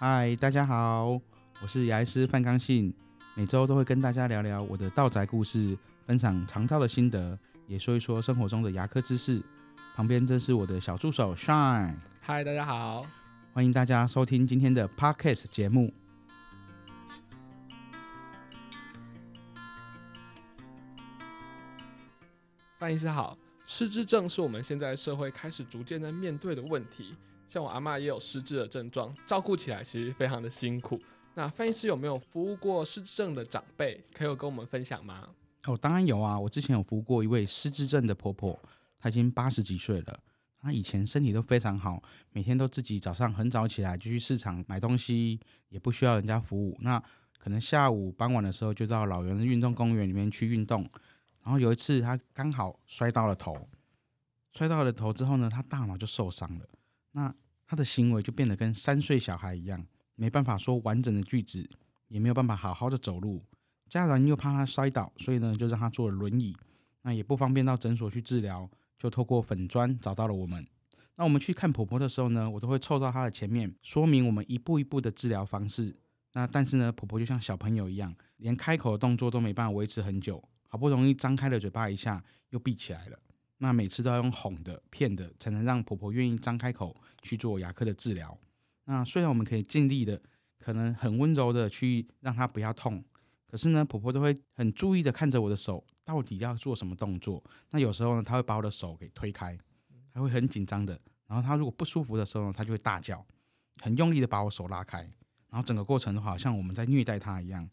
嗨，Hi, 大家好，我是牙醫師范剛信，每周都會跟大家聊聊我的到宅故事，分享腸道的心得，也說一說生活中的牙科知識。旁邊這是我的小助手 Shine。嗨，大家好，歡迎大家收聽今天的 Podcast 節目。范醫師好，失智症是我們現在社會開始逐漸在面對的問題。像我阿嬤也有失智的症狀，照顧起來其實非常的辛苦。那范醫師有沒有服務過失智症的長輩，可以有跟我們分享嗎？哦，當然有啊，我之前有服務過一位失智症的婆婆，她已經八十幾歲了，她以前身體都非常好，每天都自己早上很早起來就去市場買東西，也不需要人家服務。那可能下午傍晚的時候就到老人的運動公園裡面去運動。然後有一次她剛好摔到了頭，摔到了頭之後呢，她大腦就受傷了。那他的行為就變得跟三歲小孩一樣，沒辦法說完整的句子，也沒有辦法好好的走路。家人又怕他摔倒，所以呢就讓他坐輪椅。那也不方便到診所去治療，就透過粉專找到了我們。那我們去看婆婆的時候呢，我都會湊到她的前面，說明我們一步一步的治療方式。那但是呢，婆婆就像小朋友一樣，連開口的動作都沒辦法維持很久，好不容易張開了嘴巴一下，又閉起來了。那每次都要用哄的、騙的，才能讓婆婆願意張開口去做牙科的治療。那雖然我們可以盡力的，可能很溫柔的去讓她不要痛，可是呢，婆婆都會很注意的看着我的手到底要做什麼動作。那有時候呢，她會把我的手給推開，她會很緊張的。然後她如果不舒服的時候呢，她就會大叫，很用力的把我手拉開。然後整個過程的話，好像我們在虐待她一樣，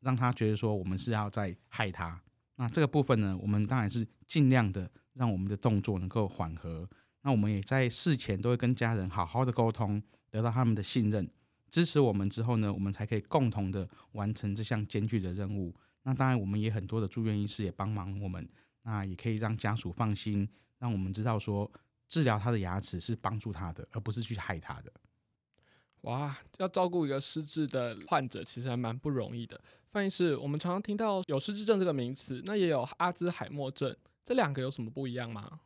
讓她覺得說我們是要在害她。那這個部分呢，我們當然是盡量的，讓我們的動作能夠緩和，那我們也在事前都會跟家人好好的溝通，得到他們的信任，支持我們之後呢，我們才可以共同的完成這項艱鉅的任務。那當然，我們也很多的住院醫師也幫忙我們，那也可以讓家屬放心，讓我們知道說治療他的牙齒是幫助他的，而不是去害他的。哇，要照顧一個失智的患者，其實還蠻不容易的。范醫師，我們常常聽到有失智症這個名詞，那也有阿茲海默症。這兩個有什麼不一樣嗎？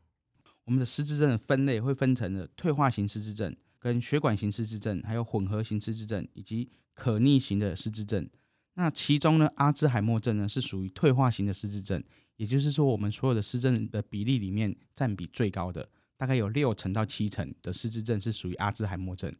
我們的失智症的分類會分成了退化型失智症、跟血管型失智症，還有混合型失智症，以及可逆型的失智症。那其中呢，阿茲海默症呢是屬於退化型的失智症，也就是說，我們所有的失智症的比例裡面占比最高的，大概有六成到七成的失智症是屬於阿茲海默症。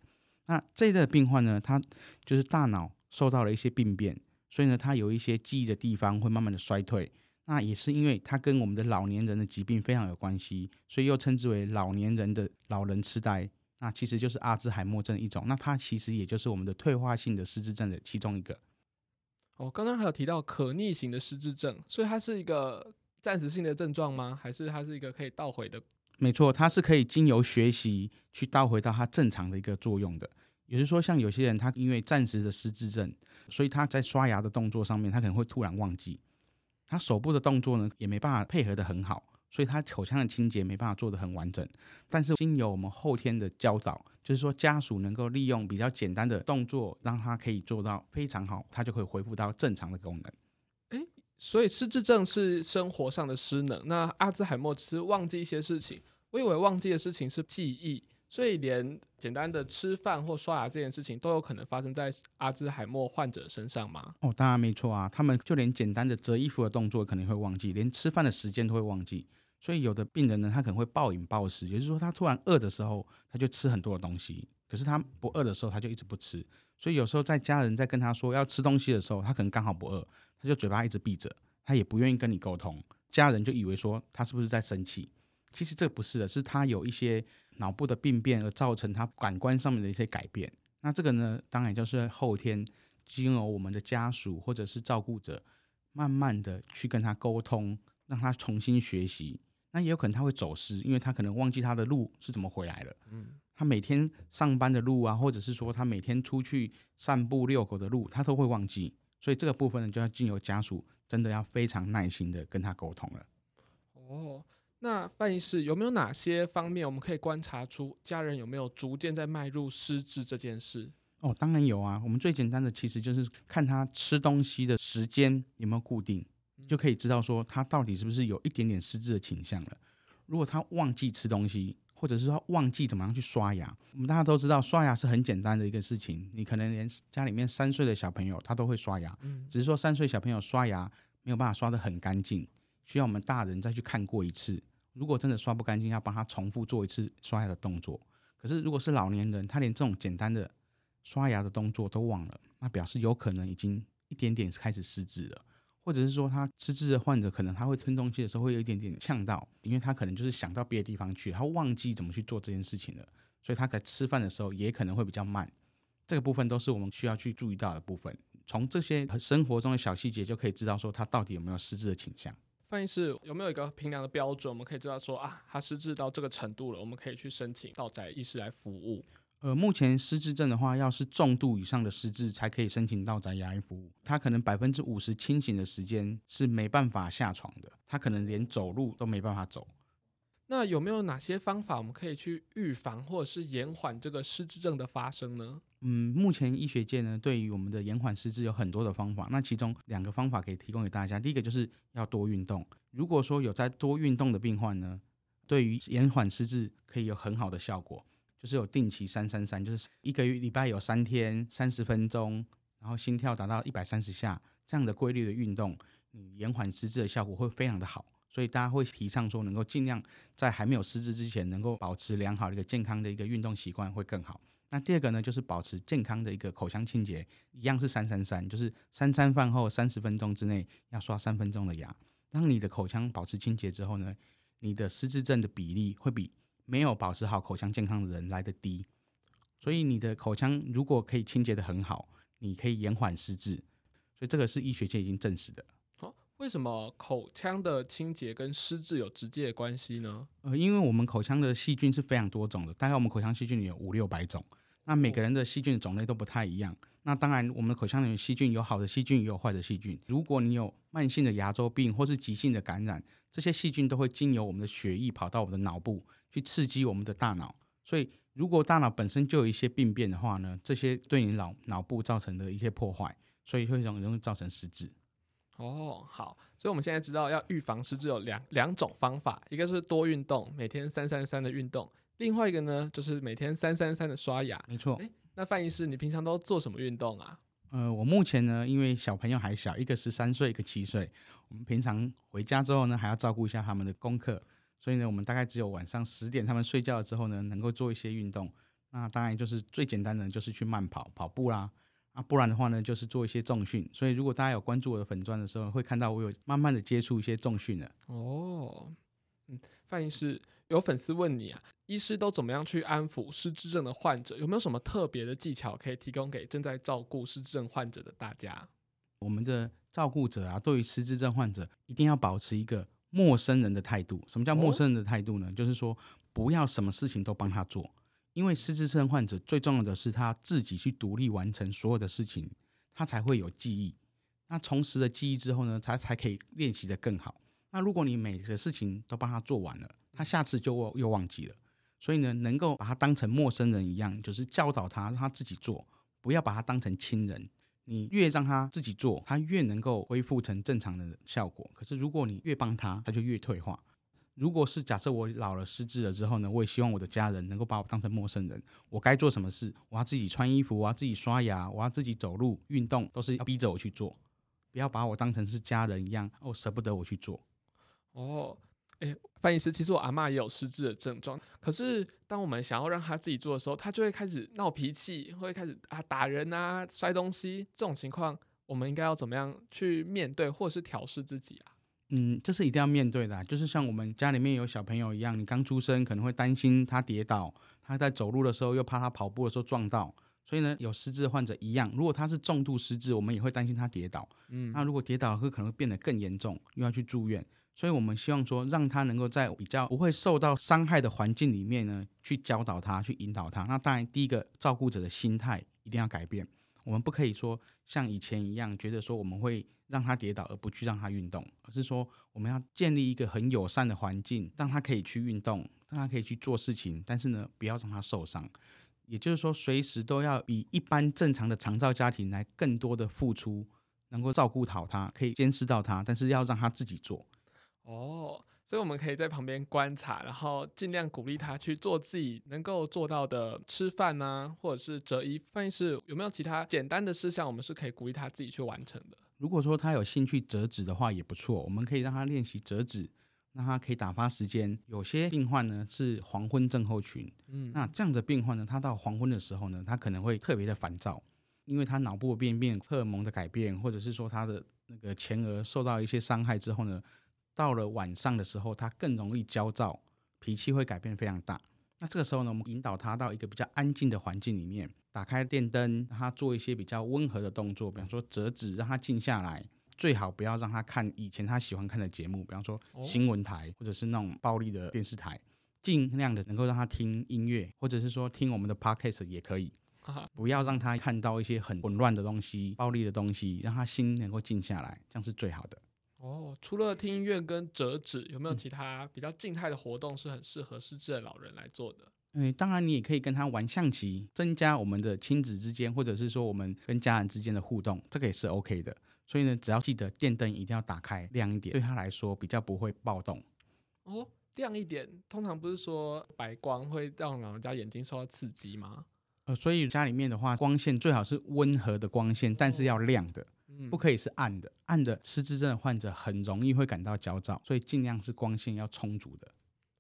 那這一類的病患呢，他就是大腦受到了一些病變，所以呢，他有一些記憶的地方會慢慢的衰退。那也是因為它跟我們的老年人的疾病非常有關係，所以又稱之為老年人的老人痴呆。那其實就是阿茲海默症一種。那它其實也就是我們的退化性的失智症的其中一個。哦，剛剛還有提到可逆型的失智症，所以它是一個暫時性的症狀嗎？還是它是一個可以倒回的？沒錯，它是可以經由學習去倒回到它正常的一個作用的。也就是說，像有些人他因為暫時的失智症，所以他在刷牙的動作上面，他可能會突然忘記。他手部的動作呢，也沒辦法配合得很好，所以他口腔的清潔沒辦法做得很完整。但是經由我們後天的教導，就是說家屬能夠利用比較簡單的動作，讓他可以做到非常好，他就可以恢復到正常的功能。誒，所以失智症是生活上的失能，那阿茲海默只是忘記一些事情。我以為忘記的事情是記憶。所以，連簡單的吃飯或刷牙這件事情都有可能發生在阿茲海默患者身上嗎？哦，當然沒錯啊，他們就連簡單的折衣服的動作可能會忘記，連吃飯的時間都會忘記。所以，有的病人呢，他可能會暴飲暴食，也就是說，他突然餓的時候，他就吃很多的東西，可是他不餓的時候，他就一直不吃。所以，有時候在家人在跟他說要吃東西的時候，他可能剛好不餓，他就嘴巴一直閉着，他也不願意跟你溝通。家人就以為說他是不是在生氣？其實這不是的，是他有一些。腦部的病變而造成他感官上面的一些改變，那這個呢，當然就是後天，經由我們的家屬或者是照顧者，慢慢的去跟他溝通，讓他重新學習。那也有可能他會走失，因為他可能忘記他的路是怎麼回來的。嗯，他每天上班的路啊，或者是說他每天出去散步遛狗的路，他都會忘記。所以這個部分呢，就要經由家屬真的要非常耐心的跟他溝通了。哦。那范醫師，有沒有哪些方面我們可以觀察出家人有沒有逐漸在邁入失智這件事？哦，當然有啊。我們最簡單的其實就是看他吃東西的時間有沒有固定，嗯、就可以知道說他到底是不是有一點點失智的傾向了。如果他忘記吃東西，或者是說忘記怎麼樣去刷牙，我們大家都知道刷牙是很簡單的一個事情，你可能連家裡面三歲的小朋友他都會刷牙，嗯、只是說三歲小朋友刷牙沒有辦法刷得很乾淨。需要我們大人再去看過一次。如果真的刷不乾淨，要幫他重複做一次刷牙的動作。可是如果是老年人，他連這種簡單的刷牙的動作都忘了，那表示有可能已經一點點開始失智了，或者是說他失智的患者，可能他會吞東西的時候會有一點點嗆到，因為他可能就是想到別的地方去，他會忘記怎麼去做這件事情了，所以他在吃飯的時候也可能會比較慢。這個部分都是我們需要去注意到的部分。從這些生活中的小細節就可以知道說他到底有沒有失智的傾向。范醫師，有沒有一個衡量的標準，我們可以知道說啊，他失智到這個程度了，我們可以去申請到宅醫師來服務？呃，目前失智症的話，要是重度以上的失智，才可以申請到宅牙醫服務。他可能百分之五十清醒的時間是沒辦法下床的，他可能連走路都沒辦法走。那有沒有哪些方法我們可以去預防或者是延緩這個失智症的發生呢？嗯，目前醫學界呢，對於我們的延緩失智有很多的方法。那其中兩個方法可以提供給大家。第一個就是要多運動。如果說有在多運動的病患呢，對於延緩失智可以有很好的效果。就是有定期三三三，就是一個禮拜有三天三十分鐘，然後心跳達到一百三十下這樣的規律的運動，嗯，延緩失智的效果會非常的好。所以大家會提倡說，能夠盡量在還沒有失智之前，能夠保持良好的一個健康的一個運動習慣會更好。那第二個呢，就是保持健康的一個口腔清潔，一樣是三三三，就是三餐飯後三十分鐘之內要刷三分鐘的牙。當你的口腔保持清潔之後呢，你的失智症的比例會比沒有保持好口腔健康的人來得低。所以你的口腔如果可以清潔得很好，你可以延緩失智。所以這個是醫學界已經證實的。好、哦，為什麼口腔的清潔跟失智有直接的關係呢？呃，因為我們口腔的細菌是非常多種的，大概我們口腔細菌有五六百種。那每個人的細菌種類都不太一樣。那當然，我們的口腔裡面細菌有好的細菌，也有壞的細菌。如果你有慢性的牙周病或是急性的感染，這些細菌都會經由我們的血液跑到我們的腦部去刺激我們的大腦。所以，如果大腦本身就有一些病變的話呢，這些對你腦腦部造成的一些破壞，所以會容易造成失智。哦，好。所以我們現在知道要預防失智有兩兩種方法，一個是多運動，每天三三三的運動。另外一個呢，就是每天三三三的刷牙。沒錯。誒，那范醫師，你平常都做什麼運動啊？呃，我目前呢，因為小朋友還小，一個十三歲，一個七歲，我們平常回家之後呢，還要照顧一下他們的功課，所以呢，我們大概只有晚上十點他們睡覺了之後呢，能夠做一些運動。那當然就是最簡單的，就是去慢跑、跑步啦。啊，不然的話呢，就是做一些重訓。所以如果大家有關注我的粉專的時候，會看到我有慢慢的接觸一些重訓的。哦，嗯，范醫師有粉絲問你啊。醫師都怎麼樣去安撫失智症的患者？有沒有什麼特別的技巧可以提供給正在照顧失智症患者的大家？我們的照顧者啊，對於失智症患者一定要保持一個陌生人的態度。什麼叫陌生人的態度呢？哦？就是說不要什麼事情都幫他做，因為失智症患者最重要的是他自己去獨立完成所有的事情，他才會有記憶。那重拾了記憶之後呢，才才可以練習得更好。那如果你每個事情都幫他做完了，他下次就又忘記了。所以呢，能夠把他當成陌生人一樣，就是教導他，讓他自己做，不要把他當成親人。你越讓他自己做，他越能夠恢復成正常的效果。可是如果你越幫他，他就越退化。如果是假設我老了失智了之後呢，我也希望我的家人能夠把我當成陌生人。我該做什麼事，我要自己穿衣服，我要自己刷牙，我要自己走路、運動，都是要逼着我去做，不要把我當成是家人一樣，哦，捨不得我去做。哦。Oh. 誒，范醫師其實我阿嬤也有失智的症狀，可是當我們想要讓他自己做的時候，他就會開始鬧脾氣，會開始啊打人啊、摔東西。這種情況，我們應該要怎麼樣去面對，或是調適自己啊？嗯，這是一定要面對的，啊，就是像我們家裡面有小朋友一樣，你剛出生可能會擔心他跌倒，他在走路的時候又怕他跑步的時候撞到，所以呢，有失智的患者一樣，如果他是重度失智，我們也會擔心他跌倒。嗯，那如果跌倒會可能會變得更嚴重，又要去住院。所以我們希望說，讓他能夠在比較不會受到傷害的環境裡面呢，去教導他，去引導他。那當然，第一個照顧者的心態一定要改變。我們不可以說像以前一樣，覺得說我們會讓他跌倒而不去讓他運動，而是說我們要建立一個很友善的環境，讓他可以去運動，讓他可以去做事情，但是呢，不要讓他受傷。也就是說，隨時都要以一般正常的長照家庭來更多的付出，能夠照顧好他，可以監視到他，但是要讓他自己做。哦，oh, 所以我們可以在旁邊觀察，然後盡量鼓勵他去做自己能夠做到的，吃飯吶、啊，或者是折衣。反正是有沒有其他簡單的事項，我們是可以鼓勵他自己去完成的。如果說他有興趣折紙的話也不錯，我們可以讓他練習折紙，那他可以打發時間。有些病患呢是黃昏症候群，嗯，那這樣的病患呢，他到黃昏的時候呢，他可能會特別的煩躁，因為他腦部的病變、荷爾蒙的改變，或者是說他的那個前額受到一些傷害之後呢。到了晚上的時候，他更容易焦躁，脾氣會改變非常大。那這個時候呢，我們引導他到一個比較安靜的環境裡面，打開電燈，讓他做一些比較溫和的動作，比方說折紙，讓他靜下來。最好不要讓他看以前他喜歡看的節目，比方說新聞台或者是那種暴力的電視台。儘量的能夠讓他聽音樂，或者是說聽我們的 podcast 也可以。不要讓他看到一些很混亂的東西、暴力的東西，讓他心能夠靜下來，這樣是最好的。哦，除了聽音樂跟折紙，有沒有其他比較靜態的活動是很適合失智的老人來做的？嗯，當然，你也可以跟他玩象棋，增加我們的親子之間，或者是說我們跟家人之間的互動，這個也是 OK 的。所以呢，只要記得電燈一定要打開亮一點，對他來說比較不會暴動。哦，亮一點，通常不是說白光會讓老人家眼睛受到刺激嗎？呃，所以家裡面的話，光線最好是溫和的光線，但是要亮的。哦嗯、不可以是暗的，暗的失智症患者，很容易會感到焦躁，所以盡量是光線要充足的。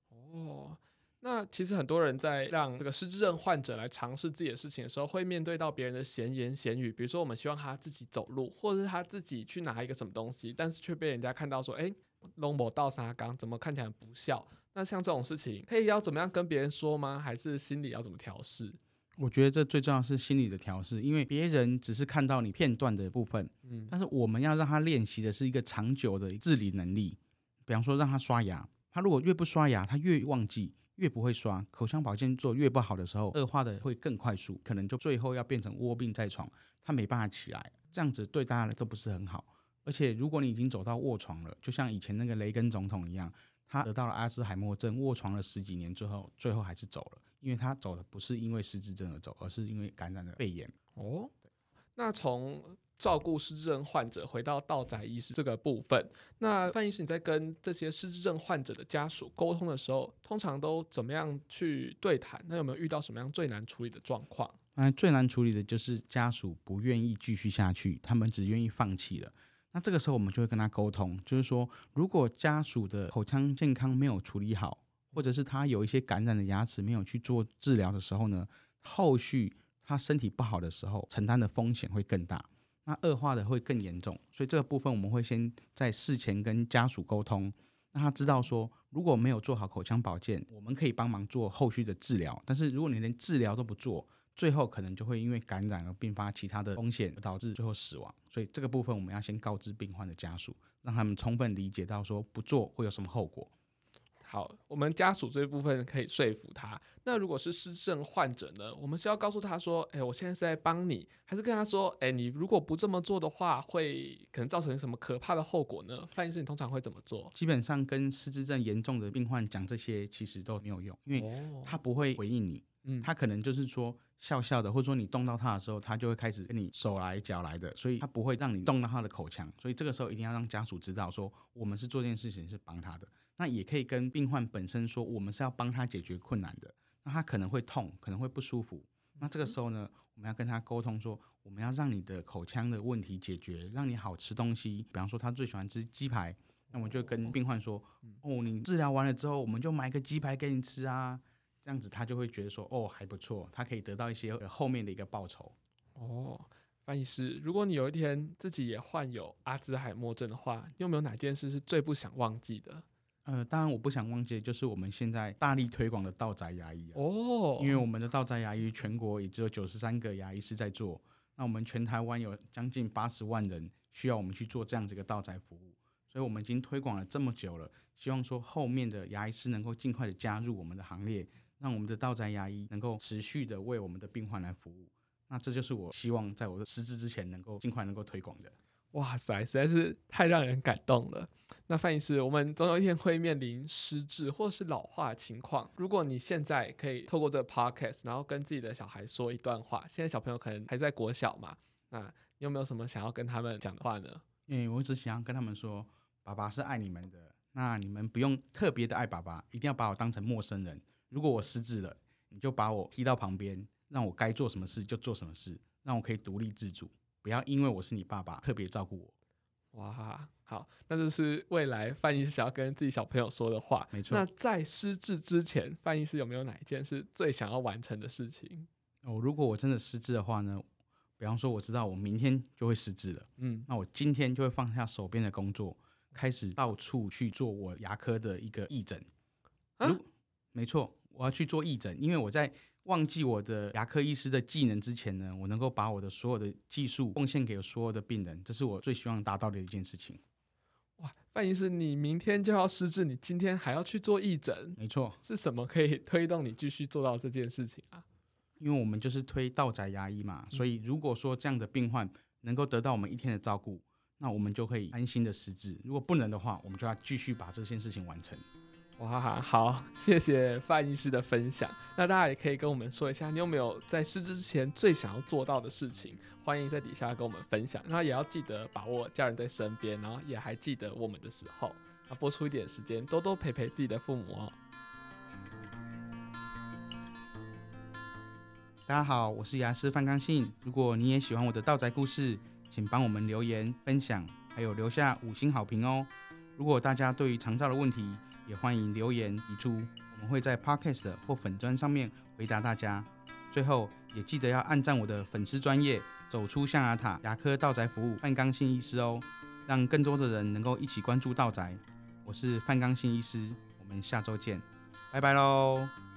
哦，那其實很多人在讓這個失智症患者來嘗試自己的事情的時候，會面對到別人的閒言閒語，比如說我們希望他自己走路，或者是他自己去拿一個什麼東西，但是卻被人家看到說，誒，攏無鬥相共，怎麼看起來不孝？那像這種事情，可以要怎麼樣跟別人說嗎？還是心裡要怎麼調適？我覺得這最重要的是心理的調試，因為別人只是看到你片段的部分，嗯，但是我們要讓他練習的是一個長久的自理能力。比方說讓他刷牙，他如果越不刷牙，他越忘記，越不會刷，口腔保健做越不好的時候，惡化的會更快速，可能就最後要變成臥病在床，他沒辦法起來，這樣子對大家都不是很好。而且如果你已經走到臥床了，就像以前那個雷根總統一樣。他得到了阿茲海默症，臥床了十幾年之後，最後最後還是走了。因為他走的不是因為失智症而走，而是因為感染了肺炎。哦，對，那從照顧失智症患者，回到到宅醫師這個部分，那范醫師，你在跟這些失智症患者的家屬溝通的時候，通常都怎麼樣去對談？那有沒有遇到什麼樣最難處理的狀況？嗯，最難處理的就是家屬不願意繼續下去，他們只願意放棄了。那這個時候我們就會跟他溝通，就是說，如果家屬的口腔健康沒有處理好，或者是他有一些感染的牙齒沒有去做治療的時候呢，後續他身體不好的時候承擔的風險會更大，那惡化的會更嚴重。所以這個部分我們會先在事前跟家屬溝通，讓他知道說，如果沒有做好口腔保健，我們可以幫忙做後續的治療。但是如果你連治療都不做，最後可能就會因為感染而併發其他的風險，導致最後死亡。所以這個部分我們要先告知病患的家屬，讓他們充分理解到說不做會有什麼後果。好，我們家屬這一部分可以說服他。那如果是失智症患者呢？我們是要告訴他說：“誒、欸，我現在是在幫你。”還是跟他說：“誒、欸，你如果不這麼做的話，會可能造成什麼可怕的後果呢？”范醫生，你通常會怎麼做？基本上跟失智症嚴重的病患講這些，其實都沒有用，因為他不會回應你。哦。嗯，他可能就是說笑笑的，或者說你動到他的時候，他就會開始跟你手來腳來的，所以他不會讓你動到他的口腔，所以這個時候一定要讓家屬知道說，我們是做這件事情是幫他的。那也可以跟病患本身說，我們是要幫他解決困難的。那他可能會痛，可能會不舒服。嗯嗯。那這個時候呢，我們要跟他溝通說，我們要讓你的口腔的問題解決，讓你好吃東西。比方說他最喜歡吃雞排，那我們就跟病患說，嗯、哦，你治療完了之後，我們就買個雞排給你吃啊。這樣子他就會覺得說哦還不錯，他可以得到一些後面的一個報酬。哦，班醫師，如果你有一天自己也患有阿茲海默症的話，你有沒有哪件事是最不想忘記的？呃，當然我不想忘記的就是我們現在大力推廣的到宅牙醫哦，因為我們的到宅牙醫全國也只有九十三個牙醫師在做，那我們全台灣有將近八十萬人需要我們去做這樣子一個到宅服務，所以我們已經推廣了這麼久了，希望說後面的牙醫師能夠儘快的加入我們的行列。讓我們的到宅牙醫能夠持續的為我們的病患來服務，那這就是我希望在我的失智之前能夠盡快能夠推廣的。哇塞，實在是太讓人感動了。那范醫師，我們總有一天會面臨失智或是老化的情況。如果你現在可以透過這個 podcast，然後跟自己的小孩說一段話，現在小朋友可能還在國小嘛？那你有沒有什麼想要跟他們講的話呢？嗯，我一直想要跟他們說，爸爸是愛你們的，那你們不用特別的愛爸爸，一定要把我當成陌生人。如果我失智了，你就把我踢到旁邊，讓我該做什麼事就做什麼事，讓我可以獨立自主，不要因為我是你爸爸特別照顧我。哇，好，那這是未來范醫師想要跟自己小朋友說的話。沒錯。那在失智之前，范醫師有沒有哪一件事最想要完成的事情？哦，如果我真的失智的話呢？比方說，我知道我明天就會失智了，嗯，那我今天就會放下手邊的工作，開始到處去做我牙科的一個義診。啊，如沒錯。我要去做義診，因為我在忘記我的牙科醫師的技能之前呢，我能夠把我的所有的技術貢獻給所有的病人，這是我最希望達到的一件事情。哇，范醫師，你明天就要失智，你今天還要去做義診？沒錯，是什麼可以推動你繼續做到這件事情啊？因為我們就是推到宅牙醫嘛，所以如果說這樣的病患能夠得到我們一天的照顧，嗯、那我們就可以安心的失智；如果不能的話，我們就要繼續把這件事情完成。哇哈，好，謝謝范醫師的分享。那大家也可以跟我們說一下，你有沒有在失智之前最想要做到的事情？歡迎在底下跟我們分享。那也要記得把握家人在身邊，然後也還記得我們的時候，那撥出一點時間，多多陪陪自己的父母哦。大家好，我是牙師范剛信。如果你也喜歡我的到宅故事，請幫我們留言分享，還有留下五星好評哦。如果大家對於長照的問題，也歡迎留言提出，我們會在 Podcast 或粉專上面回答大家。最後也記得要按讚我的粉絲專頁，走出象牙塔牙科到宅服務范剛新醫師哦，讓更多的人能夠一起關注到宅。我是范剛新醫師，我們下周見，拜拜嘍。